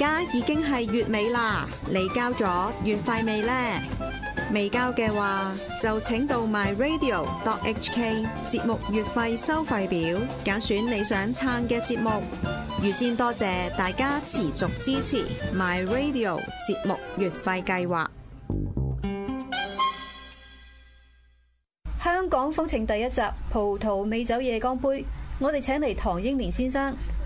而家已經係月尾啦，你交咗月費未呢？未交嘅話，就請到 myradio.hk 節目月費收費表，揀選你想撐嘅節目。預先多謝大家持續支持 myradio 節目月費計劃。香港風情第一集《葡萄美酒夜光杯》，我哋請嚟唐英年先生。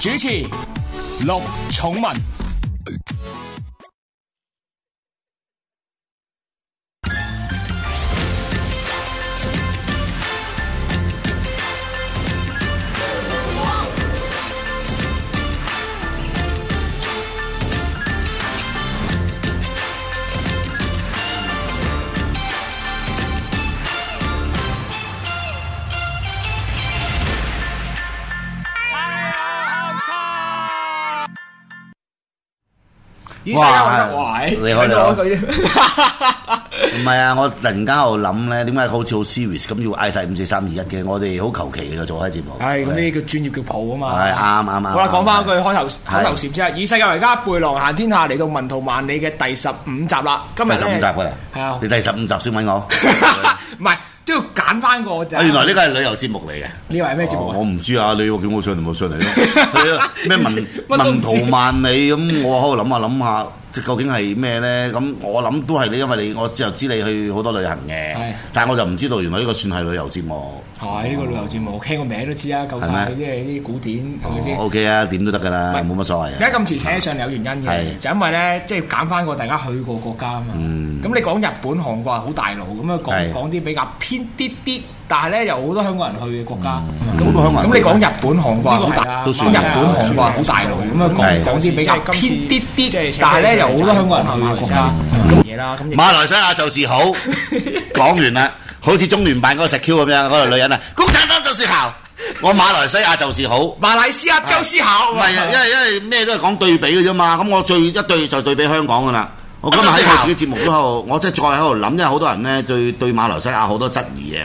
主持：陸寵文。哇！你好，你好，唔係啊！我突然間我諗咧，點解好似好 serious 咁要嗌晒五四三二一嘅？我哋好求其嘅做開節目。係咁呢叫專業叫譜啊嘛。係啱啱啱。好啦，講翻句開頭開頭前先啊！以世界為家，背囊行天下，嚟到文圖萬里嘅第十五集啦。今日第十五集過嚟，係啊，你第十五集先揾我。唔係。翻個、啊、原來呢個係旅遊節目嚟嘅，呢個係咩節目？我唔知啊，你要叫我上就冇上嚟咯。咩 文 文圖萬里咁，我喺度諗下諗下，即究竟係咩咧？咁、嗯、我諗都係你，因為你我之又知你去好多旅行嘅，是的 但係我就唔知道原來呢個算係旅遊節目。係呢個旅遊節目，我聽個名都知啊，夠曬啲係啲古典，係咪先？O K 啊，點都得噶啦，冇乜所謂。而家今次寫上嚟有原因嘅，就因為咧，即係揀翻個大家去過國家啊嘛。咁你講日本、韓國係好大路，咁樣講講啲比較偏啲啲，但係咧又好多香港人去嘅國家。好多香港人。咁你講日本、韓國好大，講日本、韓國好大路，咁樣講講啲比較偏啲啲，但係咧又好多香港人去馬來西亞嘅嘢啦。馬來西亞就是好，講完啦。好似中聯辦嗰個石 Q 咁樣嗰、那個女人啊，共產黨就是好，我馬來西亞就是好， 馬來西亞就是好。唔係，因為因為咩都係講對比嘅啫嘛。咁我最一對就對比香港㗎啦。我今日喺度自己節目喺度，啊就是、我即係再喺度諗，因為好多人咧對對馬來西亞好多質疑嘅。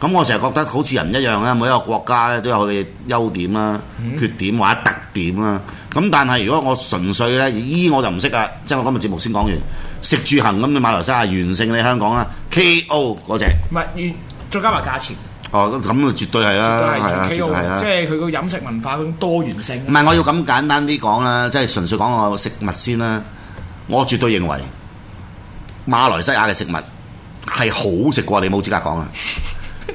咁我成日覺得好似人一樣咧，每一個國家咧都有佢嘅優點啦、啊、缺點或者特點啦、啊。咁但係如果我純粹咧，依我就唔識啦。即、就、係、是、我今日節目先講完。食住行咁，你馬來西亞完勝你香港啦。K O 嗰隻，唔係，再加埋價錢。哦，咁啊，絕對係啦，係啊，絕對係啦，即係佢個飲食文化嗰種多元性。唔係，我要咁簡單啲講啦，即係純粹講個食物先啦。我絕對認為馬來西亞嘅食物係好食過你冇資格講啊！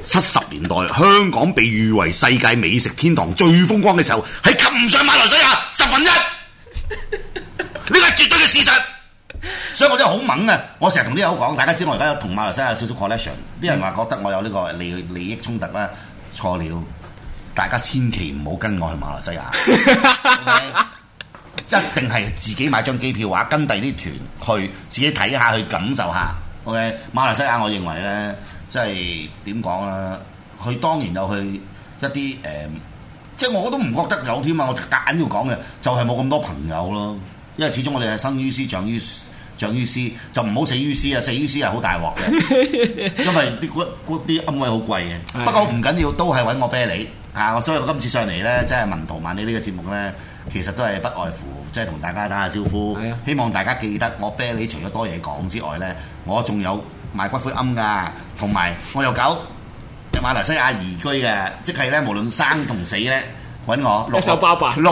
七十年代香港被譽為世界美食天堂最風光嘅時候，係及唔上馬來西亞十分一，呢個係絕對嘅事實。所以我真係好猛啊！我成日同啲友講，大家知我而家同馬來西亞有少少 collection，啲人話覺得我有呢個利利益衝突啦，錯了，大家千祈唔好跟我去馬來西亞， okay? 一定係自己買張機票啊，跟第啲團去自己睇下，去感受下。OK，馬來西亞我認為咧，即係點講啦？佢當然有去一啲誒，即係我都唔覺得有添啊！我就硬要講嘅，就係冇咁多朋友咯。因為始終我哋係生於斯長於長於斯，就唔好死於斯啊！死於斯係好大鑊嘅， 因為啲骨啲龕位好貴嘅。的不過唔緊要，都係搵我啤梨啊！所以我今次上嚟咧，即係文圖萬里呢個節目咧，其實都係不外乎即係同大家打下招呼，的希望大家記得我啤梨。除咗多嘢講之外咧，我仲有賣骨灰龕㗎，同埋我又搞喺馬來西亞移居嘅，即係咧無論生同死咧，揾我六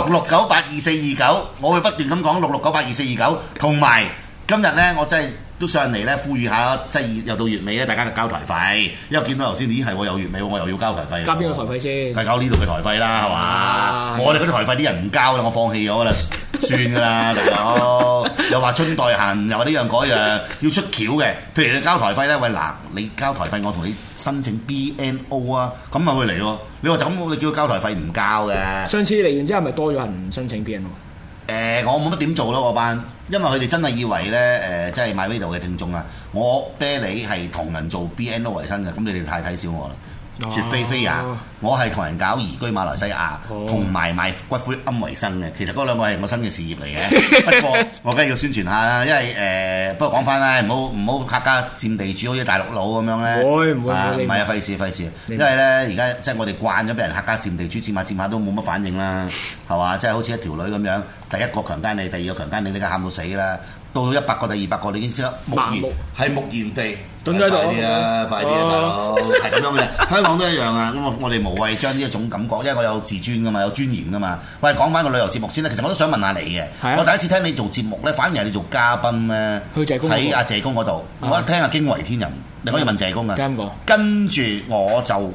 六九八二四二九，6, 6, 9, 8, 2, 4, 2, 9，我會不斷咁講六六九八二四二九，同埋今日咧，我真係。都上嚟咧，呼籲下，即係又到月尾咧，大家就交台費。因為見到頭先，咦係我、啊、有月尾我又要交台費。交邊個台費先？係交呢度嘅台費啦，係嘛、啊吧嗯？我哋嗰啲台費啲人唔交啦，我放棄咗啦， 算㗎啦，大佬。又話春代行， 又話呢樣嗰樣，要出橋嘅。譬如你交台費咧，喂嗱、呃，你交台費，我同你申請 BNO 啊，咁咪會嚟咯。你話就咁，我哋叫交台費唔交嘅。上次嚟完之後，咪多咗人唔申請 BNO。誒、呃，我冇乜點做咯，我班，因為佢哋真係以為咧，誒、呃，即係 MyRadio 嘅聽眾啊，我啤梨係同人做 BNO 為生嘅，咁你哋太睇小我啦。雪菲菲啊，我係同人搞移居馬來西亞，同埋賣骨灰龕為生嘅。其實嗰兩個係我新嘅事業嚟嘅、 呃，不過我梗係要宣傳下啦。因為誒，不過講翻啦，唔好唔好客家佔地主，好似大陸佬咁樣咧。唔會唔係啊，費事費事。因為咧，而家即係我哋慣咗俾人客家佔地主佔下佔下，都冇乜反應啦，係嘛？即係好似一條女咁樣，第一個強奸你，第二個強奸你，你梗喊到死啦。到咗一百個、第二百個，你已經知木然係木然地。總之都快啲啊，快啲啊，大佬係咁樣嘅。香港都一樣啊。咁我我哋無謂將呢一種感覺，因為我有自尊噶嘛，有尊嚴噶嘛。喂，講翻個旅遊節目先啦。其實我都想問下你嘅。我第一次聽你做節目咧，反而係你做嘉賓咧，喺阿謝公嗰度。我一聽啊，驚為天人，你可以問謝公啊。聽過。跟住我就誒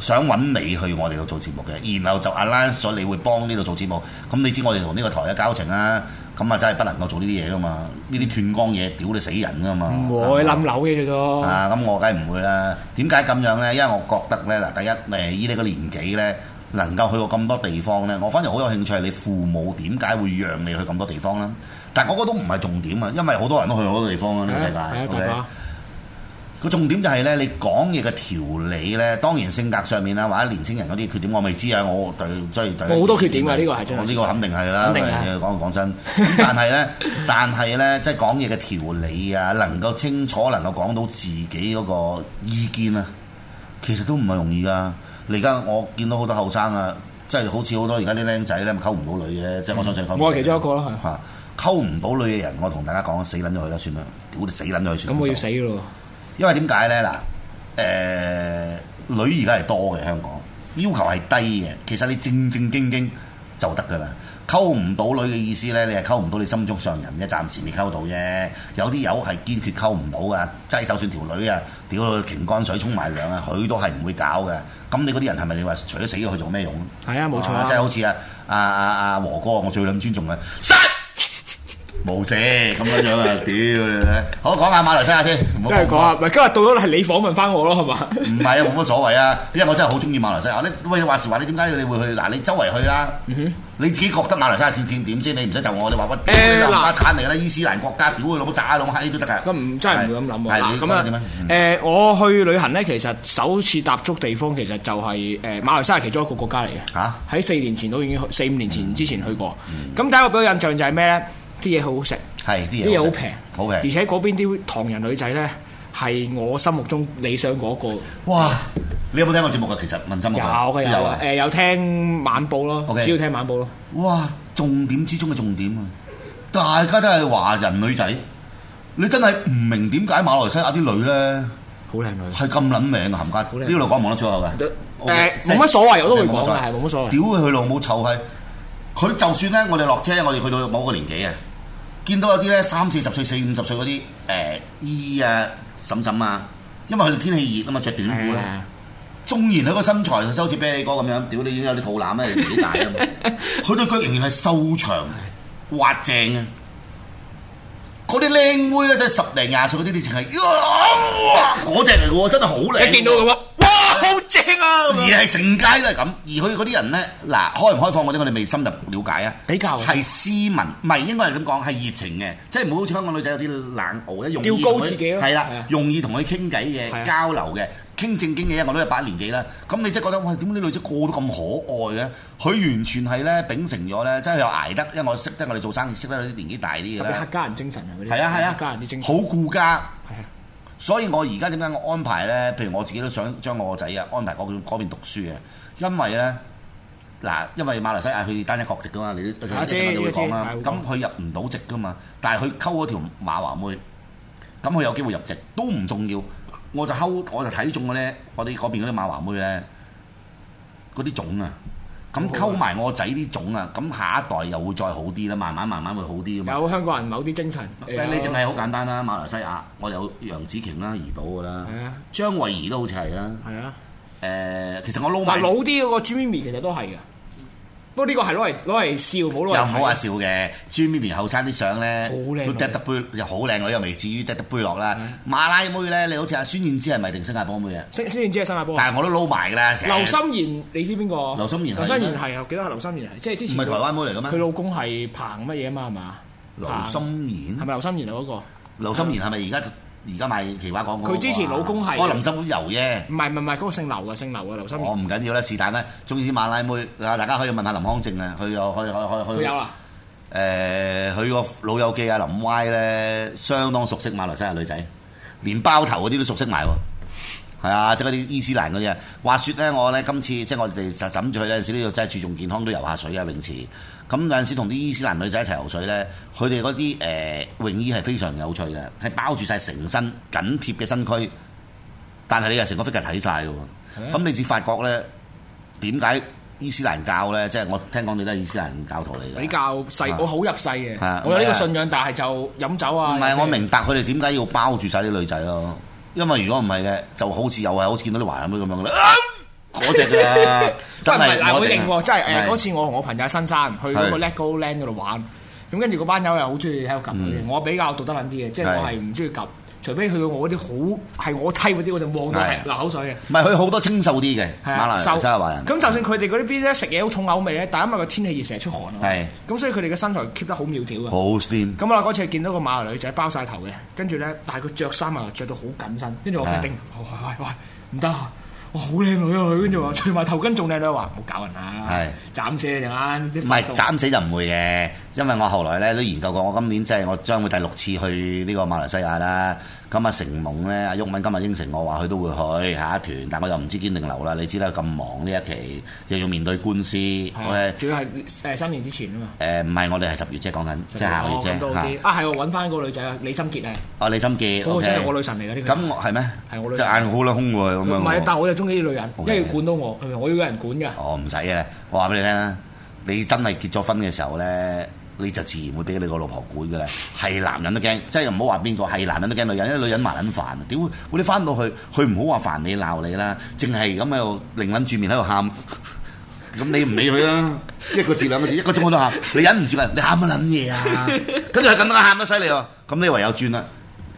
想揾你去我哋度做節目嘅，然後就拉咗你會幫呢度做節目。咁你知我哋同呢個台嘅交情啦。咁啊，真係不能夠做呢啲嘢噶嘛！呢啲斷光嘢，屌你死人噶嘛！唔會冧樓嘅啫，都啊！咁我梗係唔會啦。點解咁樣咧？因為我覺得咧，嗱，第一誒，依你個年紀咧，能夠去過咁多地方咧，我反而好有興趣，你父母點解會讓你去咁多地方咧？但係我覺得唔係重點啊，因為好多人都去好多地方、嗯、啊，呢個世界。個重點就係咧，你講嘢嘅條理咧，當然性格上面啦，或者年青人嗰啲缺、即係、缺點，我未知啊。我對即係對好多缺點嘅、啊、呢、呢個係，我呢個肯定係啦。講講真， 但係咧，但係咧，即係講嘢嘅條理啊，能夠清楚能夠講到自己嗰個意見啊，其實都唔係容易噶。你而家我見到多、即係、好多後生啊，即係好似好多而家啲僆仔咧，溝唔到女嘅，即我相信我係其中一個啦，嚇溝唔到女嘅人，我同大家講，死撚咗佢啦，去算啦，屌你死撚咗佢算。咁我要死噶咯～因為點解咧嗱？誒、呃，女而家係多嘅，香港，要求係低嘅。其實你正正經經就得噶啦。溝唔到女嘅意思咧，你係溝唔到你心中上人啫，暫時未溝到啫。有啲友係堅決溝唔到噶，即係就算條女啊，屌到擎乾水沖埋涼啊，佢都係唔會搞嘅。咁你嗰啲人係咪你話除咗死咗佢做咩用？係啊，冇錯啊。即係好似啊，阿阿阿和哥，我最撚尊重嘅。冇死咁樣樣啊！屌你好講下馬來西亞先。今日講啊，唔係今日到咗係你訪問翻我咯，係嘛？唔係啊，冇乜所謂啊！因為我真係好中意馬來西亞喂，話時話你點解你會去嗱？你周圍去啦。你自己覺得馬來西亞先點先？你唔使就我，你話屈。誒，國家產嚟啦，伊斯蘭國家，屌佢老母，揸下攞下都得㗎。咁真係唔會咁諗喎。咁樣點樣？誒，我去旅行咧，其實首次踏足地方其實就係誒馬來西亞，其中一個國家嚟嘅。嚇！喺四年前都已經，四五年前之前去過。嗯。咁第一個俾我印象就係咩咧？啲嘢好好食，啲嘢好平，好嘅。而且嗰邊啲唐人女仔咧，係我心目中理想嗰個。哇！你有冇聽過節目㗎？其實問心有嘅有啊。誒有聽晚報咯，只要聽晚報咯。哇！重點之中嘅重點啊！大家都係華人女仔，你真係唔明點解馬來西亞啲女咧，好靚女，係咁撚靚嘅冚家，呢度講望得最好嘅。誒，冇乜所謂，我都會講啦，冇乜所謂。屌佢去路，冇臭係，佢就算咧，我哋落車，我哋去到某個年紀啊！見到有啲咧三四十歲、四五十歲嗰啲誒姨啊、嬸嬸啊，因為佢哋天氣熱啊嘛，着短褲啦，的縱然佢個身材就好似啤梨哥咁樣，屌你已經有啲肚腩啦，幾大啊！佢對腳仍然係瘦長滑正啊！嗰啲靚妹咧，真係十零廿歲嗰啲你淨係嗰隻嚟喎，真係好靚！一見到咁啊！好正啊！而係成街都係咁，而佢嗰啲人咧，嗱開唔開放嗰啲，我哋未深入了解啊。比較係斯文，唔係應該係咁講，係熱情嘅，即係唔好好似香港女仔有啲冷傲，一容易叫高自己咯。係啦，容易同佢傾偈嘅交流嘅，傾正經嘢。我都有把年紀啦，咁你即係覺得喂，點解啲女仔個個都咁可愛嘅？佢完全係咧秉承咗咧，真係又捱得，因為我識得我哋做生意識得啲年紀大啲嘅咧，客家人精神啊嗰啲，係啊係啊，客家人啲精神，好顧家。所以我而家點解我安排咧？譬如我自己都想將我個仔啊安排嗰嗰邊讀書嘅，因為咧嗱，因為馬來西亞佢單一國籍噶嘛，你啲阿姐會講啦。咁佢入唔到籍噶嘛姐，但係佢溝嗰條馬華妹，咁佢有機會入籍都唔重要。我就溝我就睇中嗰啲我哋嗰邊嗰啲馬華妹咧，嗰啲種啊！咁溝埋我仔啲種啊，咁下一代又會再好啲啦，慢慢慢慢會好啲嘅嘛。有香港人某啲精神。你淨係好簡單啦，馬來西亞，我有楊紫瓊啦，怡寶㗎啦。係啊的。張慧儀都好似係啦。係啊的。誒、呃，其實我撈埋。老啲嗰個 Jimmy 其實都係嘅。不過呢個係攞嚟攞嚟笑，好咯，又唔好話笑嘅，朱咪咪後生啲相咧，都嗲得杯又好靚女，又未至於嗲得杯落啦。馬拉妹咧，你好似阿孫燕姿係咪定新加坡妹啊？孫燕姿係新加坡。但係我都撈埋㗎啦。劉心賢，你知邊個？劉心賢係啊，記得劉心賢係即係之前。唔係台灣妹嚟㗎咩？佢老公係彭乜嘢啊嘛？係嘛？劉心賢係咪劉心賢啊？嗰個劉心賢係咪而家？而家賣奇話講、那個，佢之前老公係、啊的啊、林心如遊啫。唔係唔係唔係，嗰、那個姓劉嘅，姓劉嘅劉心。我唔緊要啦，是但啦。中意啲馬拉妹，大家可以問下林康正啊，佢又去去去去。有啊？誒、呃，佢個老友記啊，林 Y 咧，相當熟悉馬來西亞女仔，連包頭嗰啲都熟悉埋喎。係啊，即係嗰啲伊斯蘭嗰啲啊。話說咧，我咧今次即係我哋就諗住去有陣時都要真係注重健康，都游下水啊，泳池。咁有陣時同啲伊斯蘭女仔一齊游水咧，佢哋嗰啲誒泳衣係非常有趣嘅，係包住晒成身緊貼嘅身軀。但係你又成個 figure 係睇晒㗎喎。咁、啊、你至發覺咧，點解伊斯蘭教咧？即、就、係、是、我聽講你都係伊斯蘭教徒嚟嘅。比較細，啊、我好入世嘅。啊啊、我有呢個信仰，但係就飲酒啊。唔係、啊，啊、我明白佢哋點解要包住晒啲女仔咯。因為如果唔係嘅，就好似又係好似見到啲壞人咁樣嘅啦，嗰隻啦，隻 真係嗱，我，我會認喎，真係嗰次我同我朋友喺新山去嗰個 Legoland 度玩，咁跟住嗰班友又好中意喺度撳，我比較讀得撚啲嘅，即係我係唔中意撳。是嗯除非去到我嗰啲好係我梯嗰啲，我就望到係流口水嘅。唔係佢好多清秀啲嘅馬來西亞人、新加坡人。咁就算佢哋嗰啲邊咧食嘢好重口味咧，但係因為個天氣熱成日出汗啊嘛。係。咁所以佢哋嘅身材 keep 得好苗條嘅。好 fit。咁啊嗰次見到個馬來女仔包晒頭嘅，跟住咧，但係佢着衫啊着到好緊身，跟住我飛定，喂喂唔得、哦、啊！我好靚女啊佢，跟住話除埋頭巾仲靚女，話唔好搞人啊，斬死你正啦！唔係斬死就唔會嘅。因為我後來咧都研究過，我今年即係我將會第六次去呢個馬來西亞啦。咁啊成夢咧，阿鬱敏今日應承我話佢都會去下一團，但係我又唔知堅定留啦。你知啦咁忙呢一期，又要面對官司，我係主要係誒三年之前啊嘛。誒唔係我哋係十月即係講緊，即係下個月啫啊。啊係，揾翻個女仔啊，李心潔啊。哦，李心潔，我真係我女神嚟㗎呢個。咁我係咩？係我女神。隻眼好撚兇喎，咁樣。唔係，但係我又中意啲女人，跟住管到我，係咪我要有人管㗎？哦唔使啊，我話俾你聽，你真係結咗婚嘅時候咧。你就自然會俾你個老婆管嘅啦。係男人都驚，即係唔好話邊個係男人都驚女人，因為女人麻撚煩。屌，我你翻到去，佢唔好話煩你鬧你啦，淨係咁喺度，擰忍住面喺度喊。咁你唔理佢啦， 一個字 兩個字，一個鐘我都喊。你忍唔住㗎？你喊乜撚嘢啊？跟住係咁樣喊得犀利喎，咁你唯有轉啦。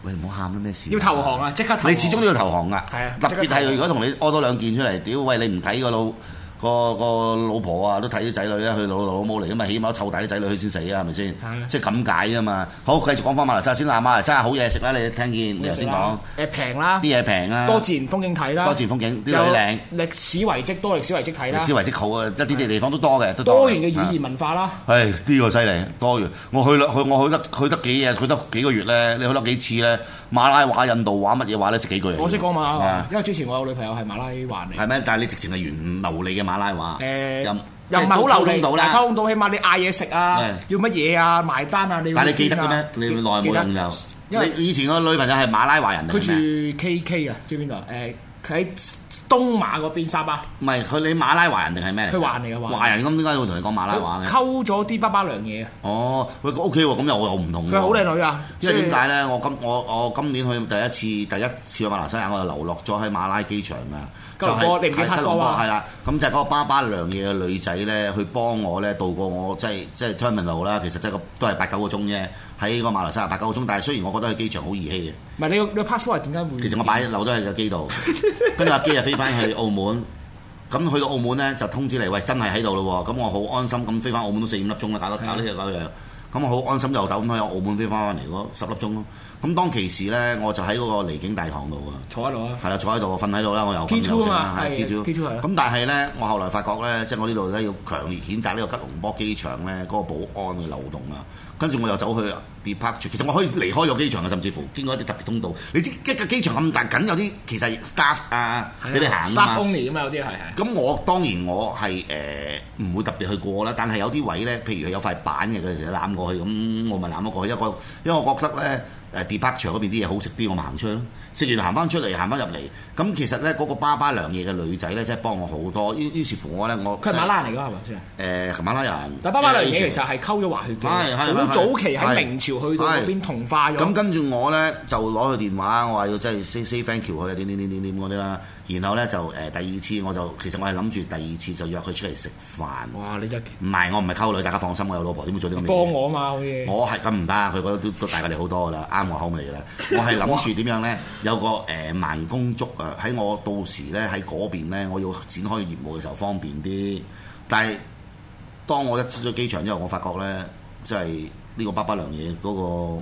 喂，唔好喊啦，咩事？要投降啊！即刻投降。你始終都要投降㗎。係啊。特別係如果同你屙多兩件出嚟，屌喂，你唔睇個腦。 個個老婆啊，都睇啲仔女啊，佢老老母嚟啊嘛，起碼湊大啲仔女佢先死啊，係咪先？的即係咁解啊嘛。好，繼續講翻馬來西亞先啦。馬來西亞好嘢食啦，你聽見你頭先講誒平啦，啲嘢平啦，多自然風景睇啦，多自然風景，啲嘢靚，歷史遺蹟多歷史遺蹟睇啦，歷史遺蹟好啊，一啲啲地方都多嘅，的多元嘅語言文化啦。係呢、呢個犀利，多元。我去去我去得去得幾日？去得幾個月咧？你去得幾次咧？馬拉話、印度話、乜嘢話咧？識幾句？我識講馬拉話，嗎因為之前我有女朋友係馬拉語嚟。係咩？但係你直情係原、欸、又流利嘅馬拉話。誒，又唔係好流通到咧？溝通到起碼你嗌嘢食啊，的要乜嘢啊，埋單啊，你啊。但係你記得嘅咩？你耐冇咁久，因為以前個女朋友係馬拉華人嚟。佢住 K K 啊？知邊度？誒、欸、喺。東馬嗰邊沙巴？唔係佢，你馬拉華人定係咩佢華人嚟嘅華人咁，點解會同你講馬拉華嘅？溝咗啲峇峇娘惹哦，佢、欸、OK 喎，咁又我又唔同。佢好靚女啊！即係點解咧？我今我我今年去第一次第一次去馬來西亞，我就流落咗喺馬拉機場啊！就係喺吉隆坡，係啦。咁就係嗰個峇峇娘惹嘅女仔咧，去幫我咧度過我即係即係 terminal 啦。其實真係都係八九個鐘啫。喺個馬來西亞八九個鐘，但係雖然我覺得去機場好兒戲嘅。唔係你你 passport 係點解會？其實我擺留都喺個機度，跟住架機又飛翻去澳門。咁 去到澳門咧，就通知你：「喂，真係喺度咯喎！」咁我好安心，咁飛翻澳門都四五粒鐘啦，搞到搞呢隻狗嗰樣。咁是我好安心又走咁多，由澳門飛翻翻嚟咯，十粒鐘咯。咁當其時咧，我就喺嗰個離境大堂度啊，坐喺度啊，係啦，坐喺度，瞓喺度啦，我又瞓又醒啦，係機組，機組係啦。咁但係咧，我後來發覺咧，即係我呢度咧要強烈譴責呢個吉隆坡機場咧嗰個保安嘅漏洞啊。跟住我又走去 departure，其實我可以離開咗機場啊，甚至乎經過一啲特別通道。你知一個機場咁大，梗有啲其實 staff 啊，俾你行啊嘛，staff only 啊嘛，有啲係咁我當然我係誒唔會特別去過啦，但係有啲位咧，譬如佢有塊板嘅，佢哋攬過去，咁我咪攬咗過去一個，因為我覺得咧。誒地巴場嗰邊啲嘢好食啲，我咪行出去咯。食完行翻出嚟，行翻入嚟，咁其實咧嗰個峇峇娘惹嘅女仔咧，真係幫我好多。於於是乎我咧，我佢係馬拉人嚟㗎係咪先？誒，琴晚、呃、拉人。但峇峇娘惹其實係溝咗華僑嘅，好早期喺明朝去到嗰邊同化咗。咁跟住我咧就攞佢電話，我話要真係 say thank you，佢點點點點嗰啲啦。然後咧就誒第二次，我就其實我係諗住第二次就約佢出嚟食飯。哇！你真唔係我唔係溝女，大家放心，我有老婆點做咗啲咩？幫我嘛可以。我係咁唔得，佢覺得都都大過你好多㗎啦，啱我口味㗎啦。我係諗住點樣咧？有個誒慢工足啊！喺、呃、我到時咧喺嗰邊咧，我要展開業務嘅時候方便啲。但係當我一出咗機場之後，我發覺咧，即係呢個峇峇娘惹嗰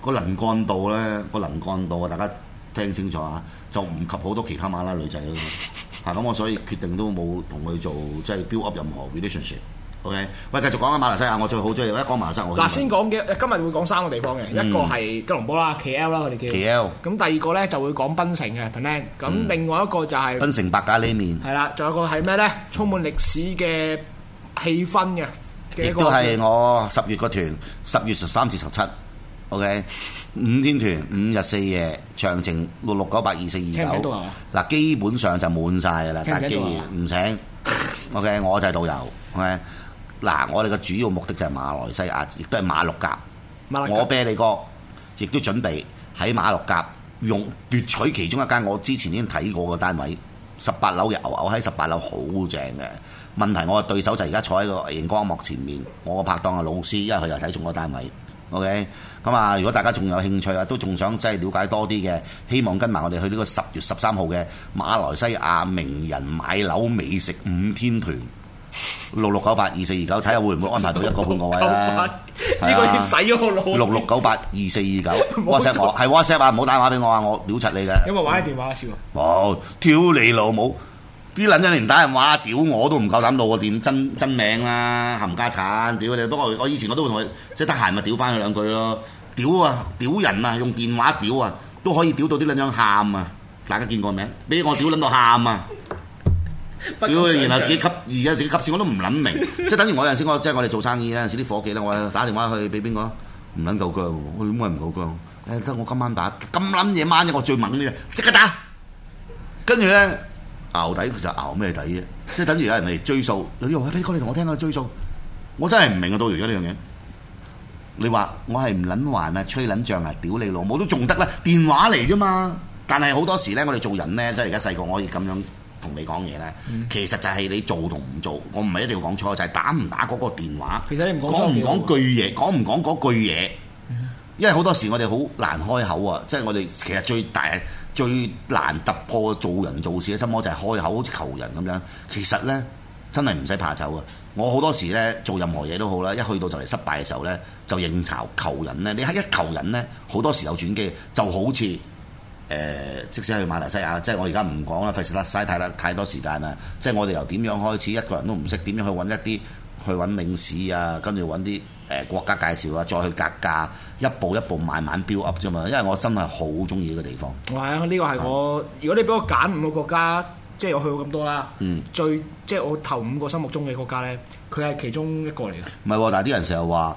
個能幹度咧，嗰個能幹度啊，大家聽清楚啊，就唔及好多其他馬拉女仔啦。嚇！咁我所以決定都冇同佢做即係 build up 任何 relationship。O K，喂，繼續講啊，馬來西亞，我最好中意。一講馬來西亞，嗱，先講嘅，今日會講三個地方嘅，一個係吉隆坡啦，KL 啦，佢哋叫。KL。咁第二個咧就會講檳城嘅 Penang，咁另外一個就係檳城白咖喱麵。係啦，仲有個係咩咧？充滿歷史嘅氣氛嘅。一個係我十月嗰團，十月十三至十七，O K，五天團，五日四夜，詳情六六九八二四二九。聽到啊嘛。嗱，基本上就滿曬噶啦，但係既然唔請，O K，我就係導遊，係。嗱，我哋嘅主要目的就係馬來西亞，亦都係馬六甲。六甲我啤梨哥，亦都準備喺馬六甲用奪取其中一間。我之前已經睇過嘅單位，十八樓嘅我，喺十八樓好正嘅。問題我嘅對手就而家坐喺個熒光幕前面，我拍檔嘅老師，因為佢又睇中嗰個單位。OK，咁啊，如果大家仲有興趣啊，都仲想即係了解多啲嘅，希望跟埋我哋去呢個十月十三號嘅馬來西亞名人買樓美食五天團。六六九八二四二九，睇下會唔會安排到一個半個位呢、啊、個月使我腦六六九八二四二九 ，WhatsApp 我，係 WhatsApp 啊，唔好打電話俾我啊，我屌柒你嘅。有冇玩電話笑？冇、嗯，屌你、哦、老母！啲撚樣你唔打電話，屌我都唔夠膽露我點真真名啦、啊，冚家鏟，屌你！不過我以前我都會同佢，即係得閒咪屌翻佢兩句咯，屌，屌啊，屌人啊，用電話屌啊，都可以屌到啲撚樣喊啊！大家見過面，俾我屌撚到喊啊！屌！然後自己吸，而家自己吸收我都唔撚明，即係等於我有陣時，我即係我哋做生意啊陣時啲夥計咧，我打電話去俾邊個唔撚夠姜喎？我點解唔夠姜？誒得我今晚打咁撚夜掹啫，我最猛啲啊，即刻打！跟住咧，牛底其實牛咩底啫？即係等於有人嚟追數，你話，俾哥，你同我聽下追數。我真係唔明啊！到而家呢樣嘢，你話我係唔撚還啊，吹撚脹啊，屌你老母都仲得啦，電話嚟啫嘛！但係好多時咧，我哋做人咧，即係而家細個，我可以咁樣。同你講嘢呢，其實就係你做同唔做，我唔係一定要講錯，就係、是、打唔打嗰個電話，其實你唔講句嘢，講唔講嗰句嘢。嗯、因為好多時我哋好難開口啊，即係我哋其實最大最難突破做人做事嘅心魔就係開口好似求人咁樣。其實呢，真係唔使怕醜啊！我好多時呢，做任何嘢都好啦，一去到就嚟失敗嘅時候呢，就應酬求人咧，你係一求人呢，好多時候有轉機，就好似。誒，即使去馬來西亞，即係我而家唔講啦，費事嘥曬太啦太多時間啦。即係我哋由點樣開始，一個人都唔識，點樣去揾一啲，去揾領事啊，跟住揾啲誒國家介紹啊，再去格價，一步一步慢慢 build up 啫嘛。因為我真係好中意呢個地方。係啊，呢個係我，如果你俾我揀五個國家，即係我去過咁多啦。嗯，最即係我頭五個心目中嘅國家咧，佢係其中一個嚟嘅。唔係喎，但係啲人成日話。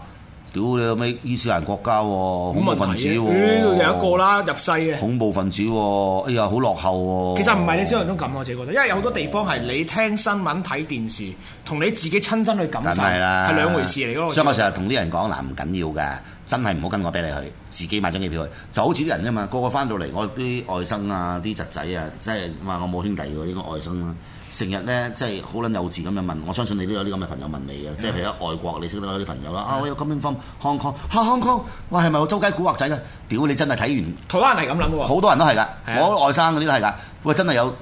屌你有咩伊斯蘭國家喎、啊？恐怖分子喎、啊啊，有一個啦入世嘅恐怖分子喎、啊，哎呀好落後喎、啊。其實唔係你只能夠咁，我自己覺得，因為有好多地方係你聽新聞睇電視，同你自己親身去感受係兩回事嚟咯。所以我成日同啲人講嗱，唔、啊、緊要㗎，真係唔好跟我俾你去，自己買張機票去，就好似啲人啫嘛，個個翻到嚟，我啲外甥啊、啲侄仔啊，真係話我冇兄弟喎，應該外甥啦、啊。成日咧，即係好撚幼稚咁樣問，我相信你都有啲咁嘅朋友問你嘅，即係譬如喺外國，你識得有啲朋友啦，的啊，我有金邊方香港嚇香港，喂，係咪我周街古惑仔咧？屌你真係睇完，台灣人係咁諗喎，好多人都係㗎，的我外省嗰啲都係㗎，喂，真係有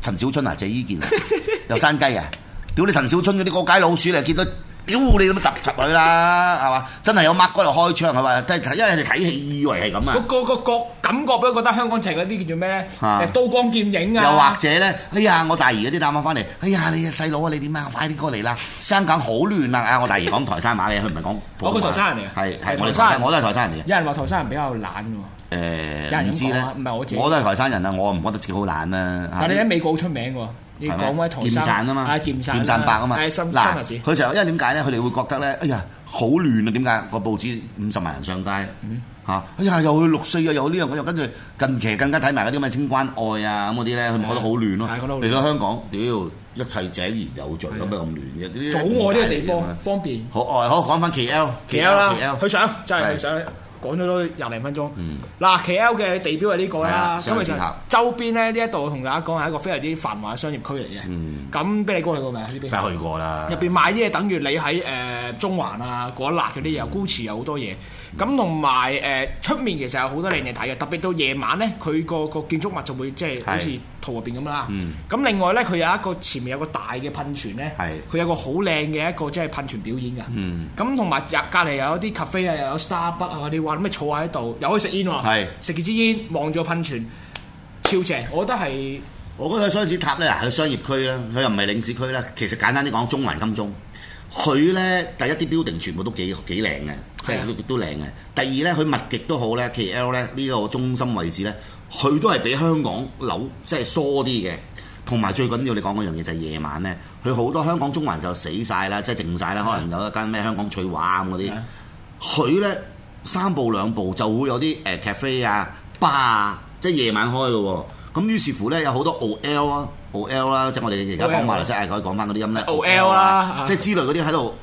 陳小春啊，鄭伊健又山雞啊，屌你陳小春嗰啲過街老鼠你見到。屌！你咁突窒佢啦，係嘛？真係有馬哥度開槍係嘛？即係因為你哋睇戲以為係咁啊！個個個感感覺畀佢覺得香港就係嗰啲叫做咩？刀光劍影啊！又或者咧，哎呀，我大姨嗰啲打翻翻嚟，哎呀，你隻細佬啊，你點啊？快啲過嚟啦！香港好亂啦！啊，我大姨講台山話嘅，佢唔係講我係台山人嚟嘅。係係，我係台山人，我都係台山人。有人話台山人比較懶喎。有人知咧，唔係我，我都係台山人啦，我唔覺得自己好懶啊。但你喺美國好出名喎。你講開唐三劍盃啊嘛，劍盃白啊嘛，嗱佢成日因為點解咧？佢哋會覺得咧，哎呀好亂啊！點解個報紙五十萬人上街嚇？哎呀又去六四啊，又呢樣嗰樣，跟住近期更加睇埋嗰啲乜青關愛啊咁嗰啲咧，佢咪覺得好亂咯。嚟到香港，屌一切井然有序，咁咩咁亂嘅？好愛呢個地方方便。好，好講返 KL，KL 啦，KL 去上真係去上。講咗都廿零分鐘，嗱、嗯、，K L 嘅地標係呢個啦，咁其實周邊咧呢一度同大家講係一個非常之繁華嘅商業區嚟嘅，咁俾、嗯、你過去過未？呢邊？梗係去過啦。入邊買啲嘢等於你喺誒、呃、中環啊，一辣嗰啲嘢，古馳、嗯、有好多嘢。咁同埋誒出面其實有好多靚嘢睇嘅，特別到夜晚咧，佢個個建築物就會即係好似圖入邊咁啦。咁、嗯、另外咧，佢有一個前面有個大嘅噴泉咧，佢是有個好靚嘅一個，一個即係噴泉表演嘅。咁同埋入隔離又有啲 cafe 啊，又有沙筆啊嗰啲喎，咁咪坐喺度又可以食煙喎，食幾支煙望住個噴泉，超正！我覺得係我覺得雙子塔咧，喺商業區啦，佢又唔係領事區啦。其實簡單啲講，中環金鐘。佢呢，第一啲 building 全部都幾幾靚嘅，即係都都靚嘅。第二呢，佢密極都好呢。KL 呢，呢、呢個中心位置呢，佢都係比香港樓即係疏啲嘅。同埋最緊要你講嗰樣嘢就係夜晚呢，佢好多香港中環就死晒啦，即係靜晒啦，的可能有一間咩香港翠華咁嗰啲。佢的呢，三步兩步就會有啲誒、呃、cafe 啊、bar 啊，即係夜晚開嘅喎。咁於是乎呢，有好多 OL 啊。O L 啦，即係我哋而家講馬來西亞，可以講翻嗰啲音咧。O L 啦，即係之類嗰啲喺度，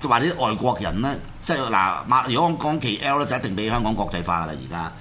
就話啲外國人咧，即係嗱，如果講其 L 咧，就一定俾香港國際化噶啦而家。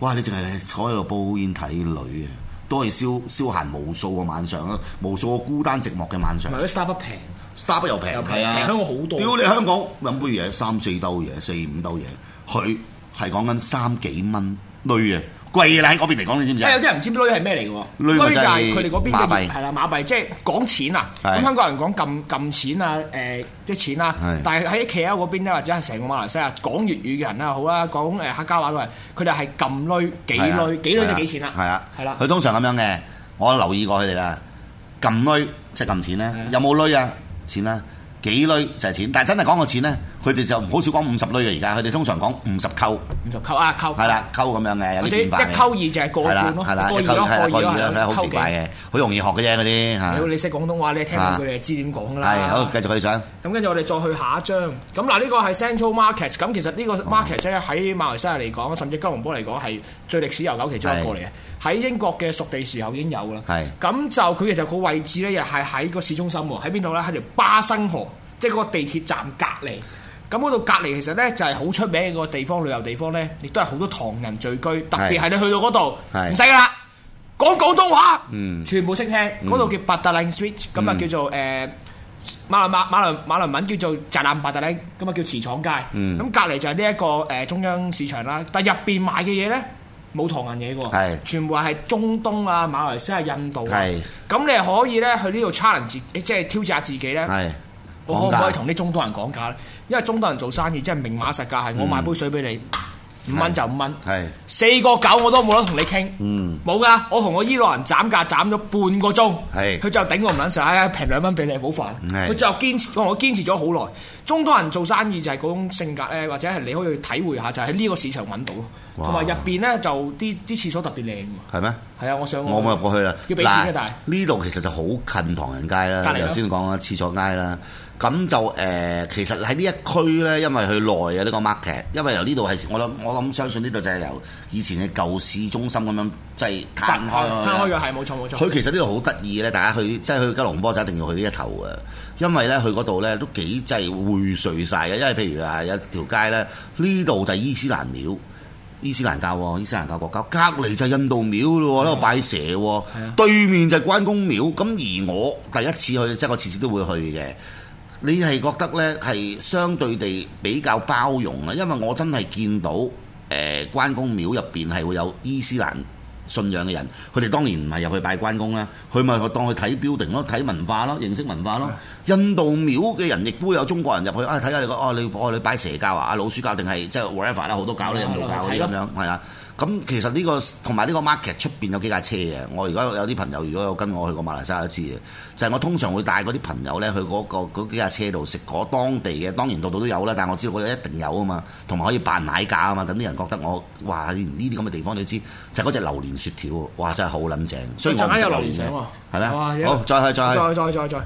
哇！你淨係坐喺度煲煙睇女啊，都係消消閒無數個晚上咯，無數個孤單寂寞嘅晚上。咪啲 Starbucks 平，Starbucks 又平，平啊，香港好多。屌你香港飲杯嘢三四兜嘢四五兜嘢，佢係講緊三幾蚊，屢啊！貴啦喺嗰邊嚟講，你知唔知啊？有啲人唔知鈞係咩嚟嘅，鈞就係佢哋嗰邊嘅係啦，馬幣，即係講錢啊。咁香港人講撳撳錢啊，誒，即係錢啊。但係喺 KL 嗰邊咧，或者係成個馬來西亞講粵語嘅人啦，好啦，講誒客家話都係，佢哋係撳鈞幾鈞幾鈞就幾錢啦。係啊，係啦。佢通常咁樣嘅，我留意過佢哋啦。撳鈞即係撳錢咧，有冇鈞啊？錢啊？幾類就係錢，但係真係講個錢咧，佢哋就唔好少講五十類嘅而家，佢哋通常講五十溝。五十溝啊，溝，係啦，溝，咁樣嘅有啲變化。一溝二就係過二咯，過二啊，過二啦，好奇怪嘅，好容易學嘅啫嗰啲嚇。屌，你識廣東話，你聽到佢哋知點講㗎啦。好，繼續去上。咁跟住我哋再去下一張。咁嗱，呢個係 Central Market，咁其實呢個 market 咧喺馬來西亞嚟講，甚至吉隆坡嚟講係最歷史悠久其中一個嚟嘅。喺英國嘅屬地時候已經有啦。係。咁就佢其實個位置咧又係喺個市中心喎，喺邊度咧？喺條巴生河。即係嗰個地鐵站隔離，咁嗰度隔離其實咧就係好出名嘅個地方旅遊地方咧，亦都係好多唐人聚居。特別係你去到嗰度，唔使㗎喇，講廣東話，全部識聽。嗰度叫 Petaling Street，咁啊叫做誒馬來馬馬來馬來文叫做 Jalan Petaling，咁啊叫茨廠街。咁隔離就係呢一個誒中央市場啦，但係入邊賣嘅嘢咧冇唐人嘢嘅喎，全部係係中東啊、馬來西亞、印度啊。咁你係可以咧去呢度 challenge 自，即係挑戰下自己咧。我可唔可以同啲中東人講價咧？因為中東人做生意，真係明碼實價，係我買杯水俾你，五蚊就五蚊。係四個九我都冇得同你傾。嗯，冇噶，我同我伊朗人斬價斬咗半個鐘。係佢最後頂我唔撚順，平兩蚊俾你好煩。佢最後堅持，我堅持咗好耐。中東人做生意就係嗰種性格咧，或者係你可以去體會下，就喺呢個市場揾到同埋入邊咧就啲啲廁所特別靚啊！係咩？係啊！我想我冇入過去啦。要俾錢，但係呢度其實就好近唐人街啦。隔離頭先講啊，廁所街啦。咁就誒、呃，其實喺呢一區咧，因為佢內啊呢個 market，因為由呢度係我諗，我諗相信呢度就係由以前嘅舊市中心咁樣，即係分開，分開嘅係冇錯冇錯。佢其實呢度好得意咧，大家去即係去吉隆坡就一定要去呢一頭嘅，因為咧佢嗰度咧都幾滯匯萃晒嘅，因為譬如啊有一條街咧，呢度就係伊斯蘭廟、伊斯蘭教、哦、伊斯蘭教國家，隔離就係印度廟咯，有的拜蛇、哦，的對面就係關公廟。咁而我第一次去，即係我次次都會去嘅。你係覺得呢係相對地比較包容啊，因為我真係見到誒、呃、關公廟入邊係會有伊斯蘭信仰嘅人，佢哋當然唔係入去拜關公啦，佢咪去當去睇 building 咯，睇文化咯，認識文化咯。印度廟嘅人亦都有中國人入去啊，睇下你講哦，你哦、啊、你拜、啊、蛇教啊，老鼠教定係即係 whatever 啦，好多教咧印度教嘅咁、啊啊啊啊、樣，係啊。咁其實呢、呢個同埋呢個 market 出邊有幾架車嘅，我而家有啲朋友如果有跟我去過馬來西亞都知嘅，就係、係、我通常會帶嗰啲朋友咧去嗰、嗰個嗰幾架車度食嗰當地嘅，當然度度都有啦，但係我知道度一定有啊嘛，同埋可以扮矮架啊嘛，等啲人覺得我嘩呢啲咁嘅地方你知，就係嗰隻榴蓮雪條喎，哇真係、哦 yeah，好撚正，所以我做咗。有榴蓮食喎，係咩？好，再再再再再再，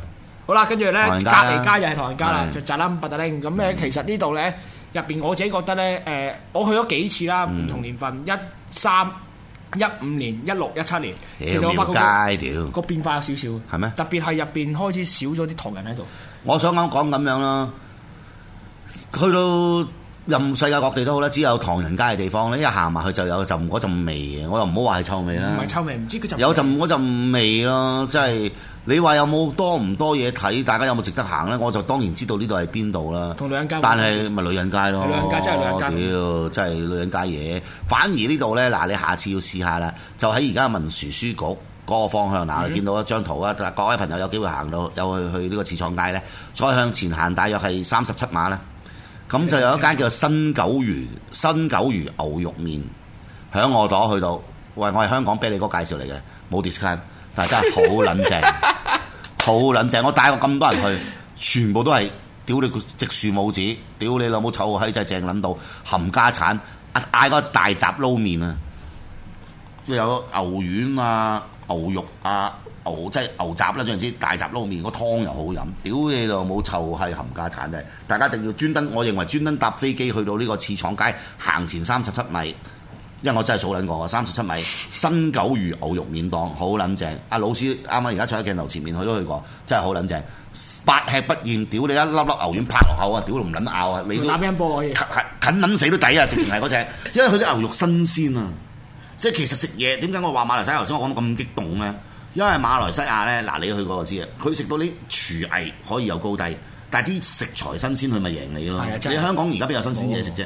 好啦、啊，跟住咧隔離街又係唐人街啦，就扎林巴達丁咁咧，其實呢度咧。入邊我自己覺得咧，誒、呃、我去咗幾次啦，唔同年份，嗯、一三、一五年、一六、一七年，其實我、那個、街屌？個變化有少少，係咩嗎？特別係入邊開始少咗啲唐人喺度。我想咁講咁樣啦，去到任世界各地都好啦，只有唐人街嘅地方咧，一行埋去就有陣嗰陣味嘅，我又唔好話係臭味啦，唔係臭味，唔知佢有陣嗰陣味咯，即係麼。你話有冇多唔多嘢睇？大家有冇值得行呢？我就當然知道呢度係邊度啦。同女人但係是咪女人街咯？女人街真係女人街。屌、哦，真係女人街嘢、啊。反而呢度呢，嗱，你下次要試下啦。就喺而家文殊書局嗰個方向嗱，我、嗯、哼見到一張圖啊！各位朋友有機會行到，有去去呢個茨廠街呢，再向前行，大約係三十七碼呢。咁就有一間叫做新九如，新九如牛肉麵，響我度去到。喂，我係香港啤梨哥介紹嚟嘅，冇 discount。但真係好撚正，好 撚正。我帶過咁多人去，全部都係屌你個直樹母子，屌你老母臭閪真係正捻到冚家產，嗌、啊、個大閘撈麵啊！即有牛丸啊、牛肉啊、牛即係牛雜啦，總言之大閘撈麵，大閘撈麵個湯又好飲，屌你老母臭係冚家產真係！大家一定要專登，我認為專登搭飛機去到呢個茨廠街行前三十七米。因為我真係數撚過三十七米，新九如牛肉麵檔，好撚正。阿老師啱啱而家坐喺鏡頭前面，佢都去過，真係好撚正。百吃不厭，屌你一粒粒牛丸拍落口啊，屌都唔撚咬啊！你打乒乓近撚死都抵啊！直情係嗰隻， 因為佢啲牛肉新鮮啊。即係其實食嘢點解我話馬來西亞頭先我講到咁激動咧？因為馬來西亞咧嗱，你去過就知啦。佢食到啲廚藝可以有高低。但係啲食材新鮮，佢咪贏你咯？你香港而家邊有新鮮嘢食啫？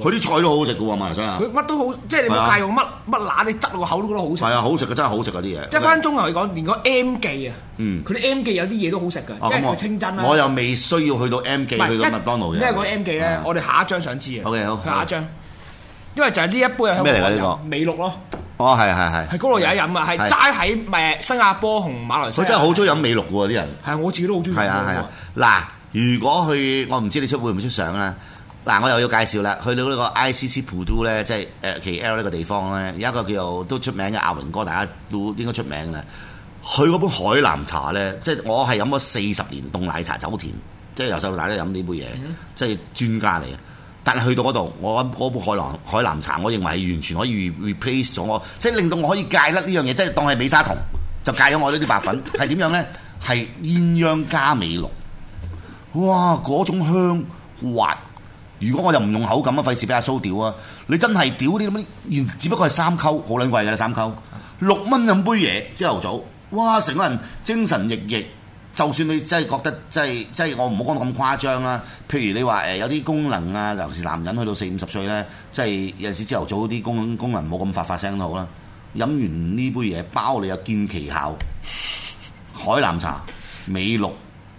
佢啲菜都好好食噶喎，馬來西亞。佢乜都好，即係你冇太意乜乜揦，你執落個口都覺得好食。係啊，好食嘅真係好食嗰啲嘢。即係翻中華嚟講，連個 M 記啊，佢啲 M 記有啲嘢都好食㗎，即係清真啦。我又未需要去到 M 記去到麥當勞啫。因為個 M 記咧？我哋下一張想知啊。OK，下一張，因為就係呢一杯係香港人。咩嚟㗎呢個？美祿咯。哦，係係係，係嗰度有一飲啊，係齋喺誒新加坡同馬來西亞。佢真係好中意飲美祿喎啲人。係我自己都好中意飲。係啊係啊，嗱，如果去我唔知你出會唔會出相啦？嗱，我又要介紹啦，去到呢個 ICC 普都咧，即係誒 KL 呢個地方咧，有一個叫做都出名嘅亞榮哥，大家都應該出名嘅。去嗰杯海南茶咧，即係我係飲咗四十年凍奶茶走甜，即係由細到大都飲呢杯嘢，即係專家嚟。但係去到嗰度，我嗰杯海南海南茶，我認為係完全可以 replace 咗我，即係令到我可以戒甩呢樣嘢，即係當係美沙酮，就戒咗我呢啲白粉。係點 樣呢？係鴛鴦加美祿，哇！嗰種香滑，如果我就唔用口感啊，費事俾阿蘇屌啊！你真係屌啲咁啲，只不過係三溝，好撚貴嘅啦，三溝六蚊飲杯嘢，朝頭早，哇！成個人精神奕奕。就算你真係覺得真係真係，我唔好講到咁誇張啦。譬如你話誒、呃、有啲功能啊，尤其是男人去到四五十歲咧，即係有陣時朝頭早啲功能功能冇咁發發聲都好啦。飲完呢杯嘢，包你有見奇效，海南茶、美綠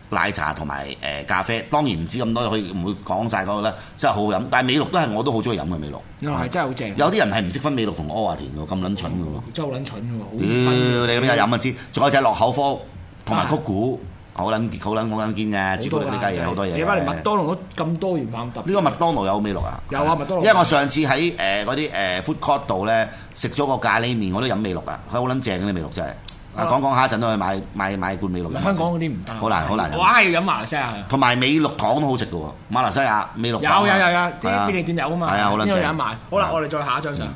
奶茶同埋誒咖啡，當然唔知咁多，可以唔會講晒嗰個啦，真係好好、欸欸、飲。但係美綠都係我都好中意飲嘅美綠，係真係好正。有啲人係唔識分美綠同阿華田咁撚蠢㗎喎，周撚蠢㗎喎。你咁又飲啊知，仲有一隻落口福。同埋曲股好撚好撚好撚堅嘅，諸多嘢好多嘢。你翻嚟麥當勞都咁多元化唔得。呢個麥當勞有美露啊！有啊麥當勞。因為我上次喺誒嗰啲誒 food court 度咧食咗個咖喱麵，我都飲美露啊！佢好撚正嘅啲美露真係。啊，講講下一陣都去買買買罐美露。香港嗰啲唔得。好難好難飲。哇！要飲馬來西亞。同埋美露糖都好食嘅喎，馬來西亞美露糖。有有有有啲便利店有啊嘛。係啊，好撚正。好啦，我哋再下一張相。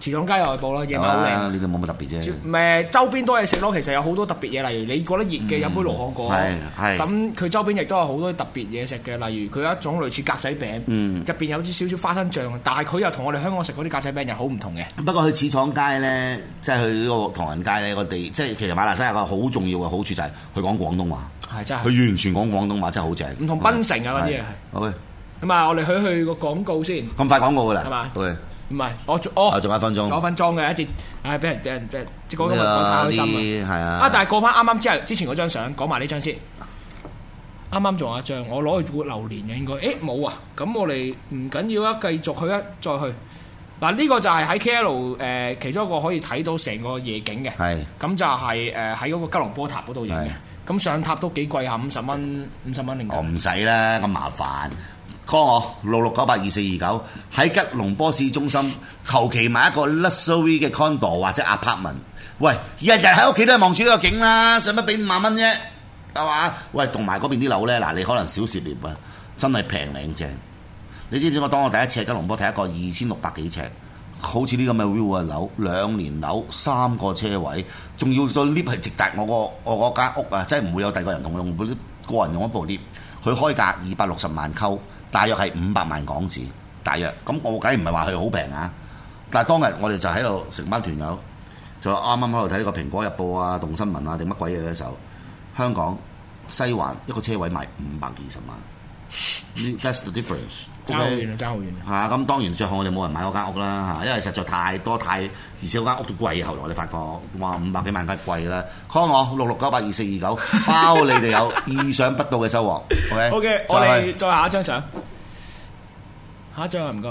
茨廠街又部播啦，夜晚好靚。呢度冇乜特別啫。唔係周邊都嘢食咯，其實有好多特別嘢，例如你覺得熱嘅飲、嗯、杯羅漢果。係咁佢周邊亦都有好多特別嘢食嘅，例如佢有一種類似格仔餅，入邊、嗯、有啲少少花生醬，但係佢又同我哋香港食嗰啲格仔餅又好唔同嘅。不過去茨廠街咧，即、就、係、是、去個唐人街咧個地，即係其實馬來西亞個好重要嘅好處就係佢講廣東話，係真係佢完全講廣東話，真係好正。唔 Okay, 同檳城啊嗰啲啊，係。好。咁啊，我哋去一去一個廣告先。咁快廣告㗎啦。係嘛吧？Okay. 唔係，我做我、oh, 仲有一分鐘，九分鐘嘅一直，唉，俾人俾人即係講咁耐，麼我太開心啦。係啊，啊！但係過翻啱啱之後，之前嗰張相講埋呢張先。啱啱仲有一張，我攞去做榴槤嘅應該，誒、欸、冇啊！咁我哋唔緊要啊，繼續去啊，再去。嗱、啊，呢、這個就係喺 K L 誒、呃，其中一個可以睇到成個夜景嘅。係的。咁就係誒喺嗰個吉隆坡塔嗰度影嘅。係的。咁上塔都幾貴下，五十蚊，五十蚊令。我唔使啦，咁麻煩。call 我，六六九八二四二九，喺吉隆坡市中心求其買一個 luxury 嘅 condo 或者 apartment，喂日日喺屋企都係望住呢個景啦，使乜俾五萬蚊啫？係嘛？喂，同埋嗰邊啲樓咧，嗱，你可能少涉獵啊，真係平靚正。你知唔知我當我第一次喺吉隆坡睇一個二千六百幾尺，好似呢咁嘅 view 嘅樓，兩年樓，三個車位，仲要再 lift 係直達我個我嗰間屋啊，真係唔會有第二個人同我用，個人用一部 lift，佢開價二百六十萬溝。大約係五百萬港紙，大約咁我梗唔係話佢好平啊！但係當日我哋就喺度成班團友就啱啱喺度睇呢個蘋果日報啊、動新聞啊定乜鬼嘢嘅時候，香港西環一個車位賣五百幾十萬，That's the difference。爭好遠啊！爭好遠啊！咁當然最後我哋冇人買我間屋啦，嚇，因為實在太多太，而且嗰間屋都貴。後來我哋發覺，哇，五百幾萬間貴啦！call 我六六九八二四二九，66, 98, 24, 29, 包你哋有意想不到嘅收穫。OK，我哋再下一張相。下一張啊，唔該，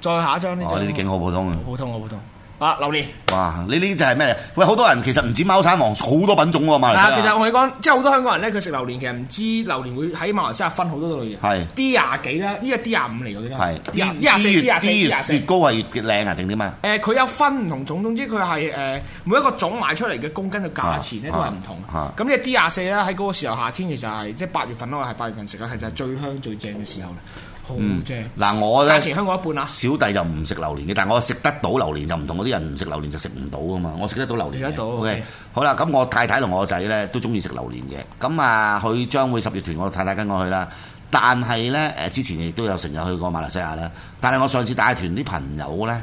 再下一張咧。呢啲景好普通啊！普通啊，普通。哦啊！榴蓮哇！你呢就係咩？喂，好多人其實唔止貓山王，好多品種啊嘛，馬來西亞。啊，其實我講即係好多香港人咧，佢食榴蓮其實唔知榴蓮會喺馬來西亞分好多類型。係是。D 廿幾咧？呢個 D 廿五嚟嘅，應該係。係。廿四、廿四、廿四。越高係越靚啊？定點啊？誒、呃，佢有分唔同種,種，總之佢係誒每一個種賣出嚟嘅公斤嘅價錢咧都係唔同。嚇。咁呢個 D 廿四咧，喺嗰個時候夏天其實係即係八月份咯，係八月份食啦，其實係最香最正嘅時候啦。嗯，嗱是我咧呢價錢香港一半啊！小弟就唔食榴蓮嘅，但係我食得到榴蓮就唔同嗰啲人唔食榴蓮就食唔到啊嘛！我食得到榴蓮，食得到。O Okay . K，好啦，咁我太太同我仔咧都中意食榴蓮嘅，咁啊佢將會十月團，我太太跟我去啦。但係咧誒，之前亦都有成日去過馬來西亞啦。但係我上次帶團啲朋友咧。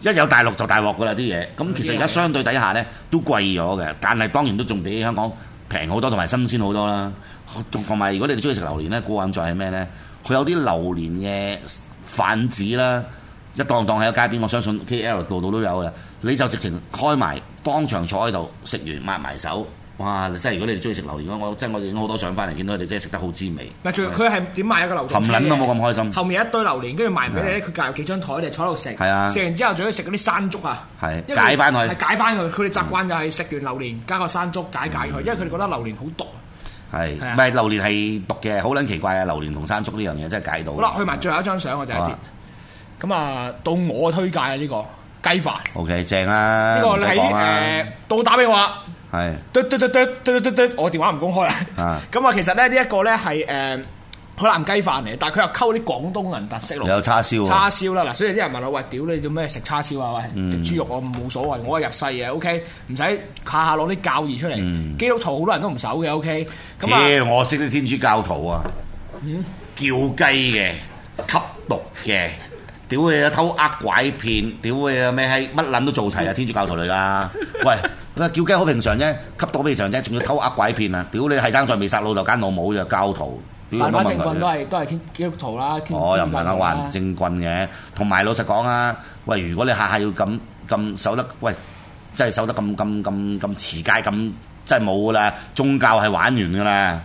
一有大陸就大鑊㗎啦啲嘢。咁其實而家相對底下呢，都貴咗嘅，但係當然都仲比香港平好多，同埋新鮮好多啦。同埋如果你哋鍾意食榴蓮呢，過往在係咩呢？佢有啲榴蓮嘅販子啦，一檔檔喺個街邊，我相信 KL 度度都有嘅。你就直情開埋，當場坐喺度食完抹埋手。哇！真係如果你哋中意食榴蓮，我我真係我影好多相翻嚟，見到你哋真係食得好滋味。佢係點買一個榴蓮？冚撚都冇咁開心。後面一堆榴蓮，跟住賣俾你，佢隔有幾張台你坐喺度食。係啊！食完之後仲要食嗰啲山竹啊！解翻佢。解翻佢，佢哋習慣就係食完榴蓮加個山竹解解佢，因為佢哋覺得榴蓮好毒。係唔係榴蓮係毒嘅？好撚奇怪啊！榴蓮同山竹呢樣嘢真係解到。好啦，去埋最後一張相我就係咁啊！到我推介啊，呢個雞飯。O K，正啊。呢個你誒，到打俾我。係，嘟嘟嘟嘟嘟嘟嘟，我電話唔公開啦。咁啊，其實咧呢一個咧係誒海南雞飯嚟，但係佢又溝啲廣東人特色咯。有叉燒叉燒啦，嗱，所以啲人問我，喂，屌你做咩食叉燒啊？喂、嗯，食豬肉我冇所謂，我係入世嘅，OK，唔使下下攞啲教義出嚟。嗯、基督徒好多人都唔守嘅，OK、嗯欸。咁我識啲天主教徒啊，嗯，叫雞嘅，吸毒嘅。屌你啊！偷呃拐騙，屌你啊！咩閪乜撚都做齊啊！天主教徒嚟噶，喂！喂！叫雞好平常啫，吸毒好平常啫，仲要偷呃拐騙啊！屌你係爭在未殺老豆奸老母嘅教徒，班班政棍都係都係天基督徒啦，我又唔係講話玩政棍嘅，同埋老實講啊，喂，如果你下下要咁咁守得，喂，真係守得咁咁咁咁持戒，咁真係冇噶啦！宗教係玩完噶啦，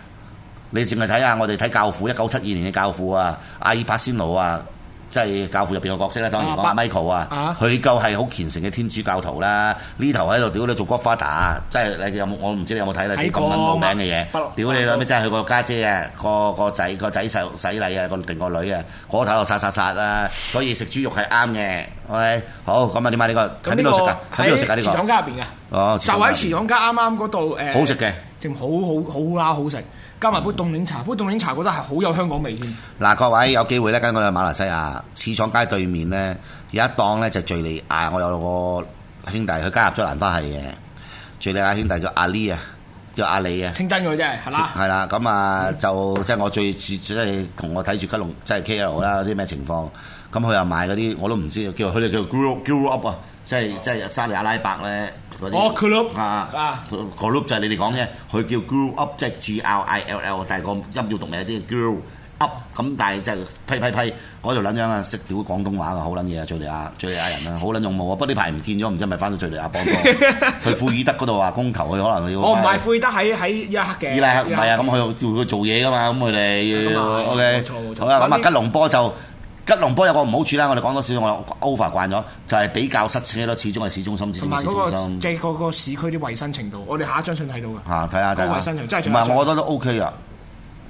你淨係睇下我哋睇教父一九七二年嘅教父啊，阿爾柏仙奴啊！即係教父入邊個角色咧，當然講 Michael 啊，佢夠係好虔誠嘅天主教徒啦。呢頭喺度屌你做 Godfather，即係你有冇？我唔知你有冇睇啲咁撚冇名嘅嘢。屌你啦，咩即係佢個家姐啊，個個仔個仔受洗禮啊，個定個女啊，個頭又殺殺殺啦。所以食豬肉係啱嘅。OK 好咁啊？點解呢個喺邊度食噶？喺邊度食啊？呢、這個家、oh, 家就喺茨廠街入邊嘅。哦、呃，就喺茨廠街啱啱嗰度誒。好食嘅，正好好好啦，好食。加埋杯凍檸茶，杯凍檸茶覺得係好有香港味添。嗱，各位有機會咧，跟我哋去馬來西亞茨廠街對面咧有一檔咧，就敍利亞，我有個兄弟佢加入咗蘭花系嘅，敍利亞兄弟叫阿里啊，叫阿里啊，清真佢啫，真係係啦。係啦，咁啊就即係我最主，即係同我睇住吉隆，即係 K L 啦啲咩情況，咁佢又買嗰啲我都唔知，叫佢哋叫 build build up 啊。即係即係沙利亞拉伯咧嗰啲啊，個 group 就係你哋講嘅，佢叫 g r o up，即係 G R I L L，但係個音要讀明啲 g r o up，Up」咁但係就批批批嗰條撚樣啊，識屌廣東話㗎，好撚嘢啊，敍利亞敍利亞人啊，好撚用武啊，不過呢排唔見咗，唔知係咪翻到敍利亞幫工，去庫爾德嗰度話公投，佢可能要，我唔係庫爾德，喺喺伊拉克嘅，伊拉克唔係啊，咁佢照佢做嘢㗎嘛，咁佢哋 O K，冇錯冇錯，好啦，咁啊吉隆坡就。吉隆坡有個唔好處啦，我哋講多少少，我 over 慣咗就係、是、比較塞車咯，始終係市中心，同埋嗰個借嗰個市區啲衞生程度，我哋下一張相睇到嘅。嚇、啊，睇下睇下。衞生程度看看真係唔係？我覺得都 OK 啊。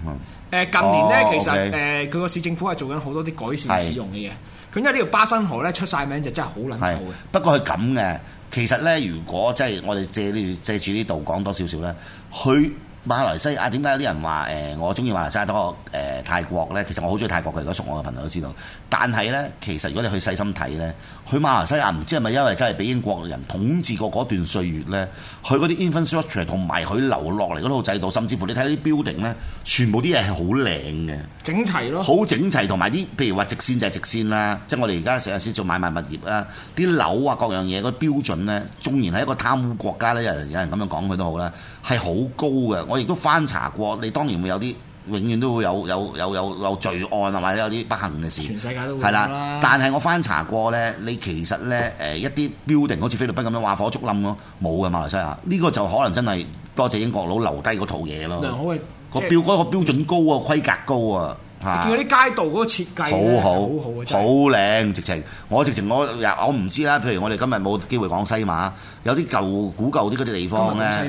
嗯。近年咧，哦、其實誒，佢個 okay、呃、市政府係做緊好多啲改善市容嘅嘢。咁是因為呢條巴生河咧出晒名，就真係好撚臭嘅。不過係咁嘅，其實咧，如果即係我哋借呢借住呢度講多少少咧，佢。馬來西亞點解有啲人話誒、欸、我中意馬來西亞多過誒泰國咧？其實我好中意泰國嘅，如果熟我嘅朋友都知道。但係咧，其實如果你去細心睇咧，去馬來西亞唔知係咪因為真係俾英國人統治過嗰段歲月咧，佢嗰啲 infrastructure 同埋佢留落嚟嗰套制度，甚至乎你睇啲 building 咧，全部啲嘢係好靚嘅，整齊咯，好整齊同埋啲譬如話直線就係直線啦。即係我哋而家成日先做買賣物業啦，啲樓啊各樣嘢嗰啲標準咧，縱然係一個貪污國家咧，有人有人咁樣講佢都好啦，係好高嘅。我亦都翻查過，你當然會有啲永遠都會有有有有有罪案，或者有啲不幸嘅事。全世界都係啦。但係我翻查過咧，你其實咧誒一啲 building 好似菲律賓咁樣哇火燭冧咯，冇嘅馬來西亞。呢個就可能真係多謝英國佬留低嗰套嘢咯。嗱，好嘅，個標嗰個標準高啊，規格高啊，嚇！見啲街道嗰個設計好好好好靚直情。我直情我我唔知啦。譬如我哋今日冇機會講西馬，有啲舊古舊啲嗰啲地方咧。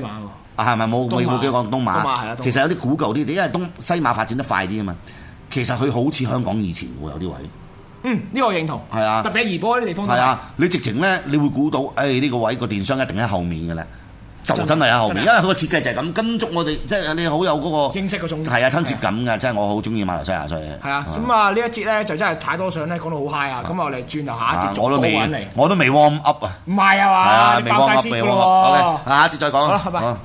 啊，係咪冇未冇幾多？東馬其實有啲古舊啲嘅，因為東西馬發展得快啲啊嘛。其實佢好似香港以前會有啲位。嗯，呢個我認同。係啊，特別怡保啲地方。係啊，你直情咧，你會估到，誒呢個位個電商一定喺後面嘅咧，就真係喺後面，因為佢個設計就係咁跟足我哋，即係你好有嗰個英式嗰種係啊親切感嘅，即係我好中意馬來西亞所以。係啊，咁啊呢一節咧就真係太多相咧講到好 high 啊，咁我嚟轉下一節，左都未，我都未 warm up 啊，唔係啊嘛，爆曬先嘅喎，啊，下一節再講好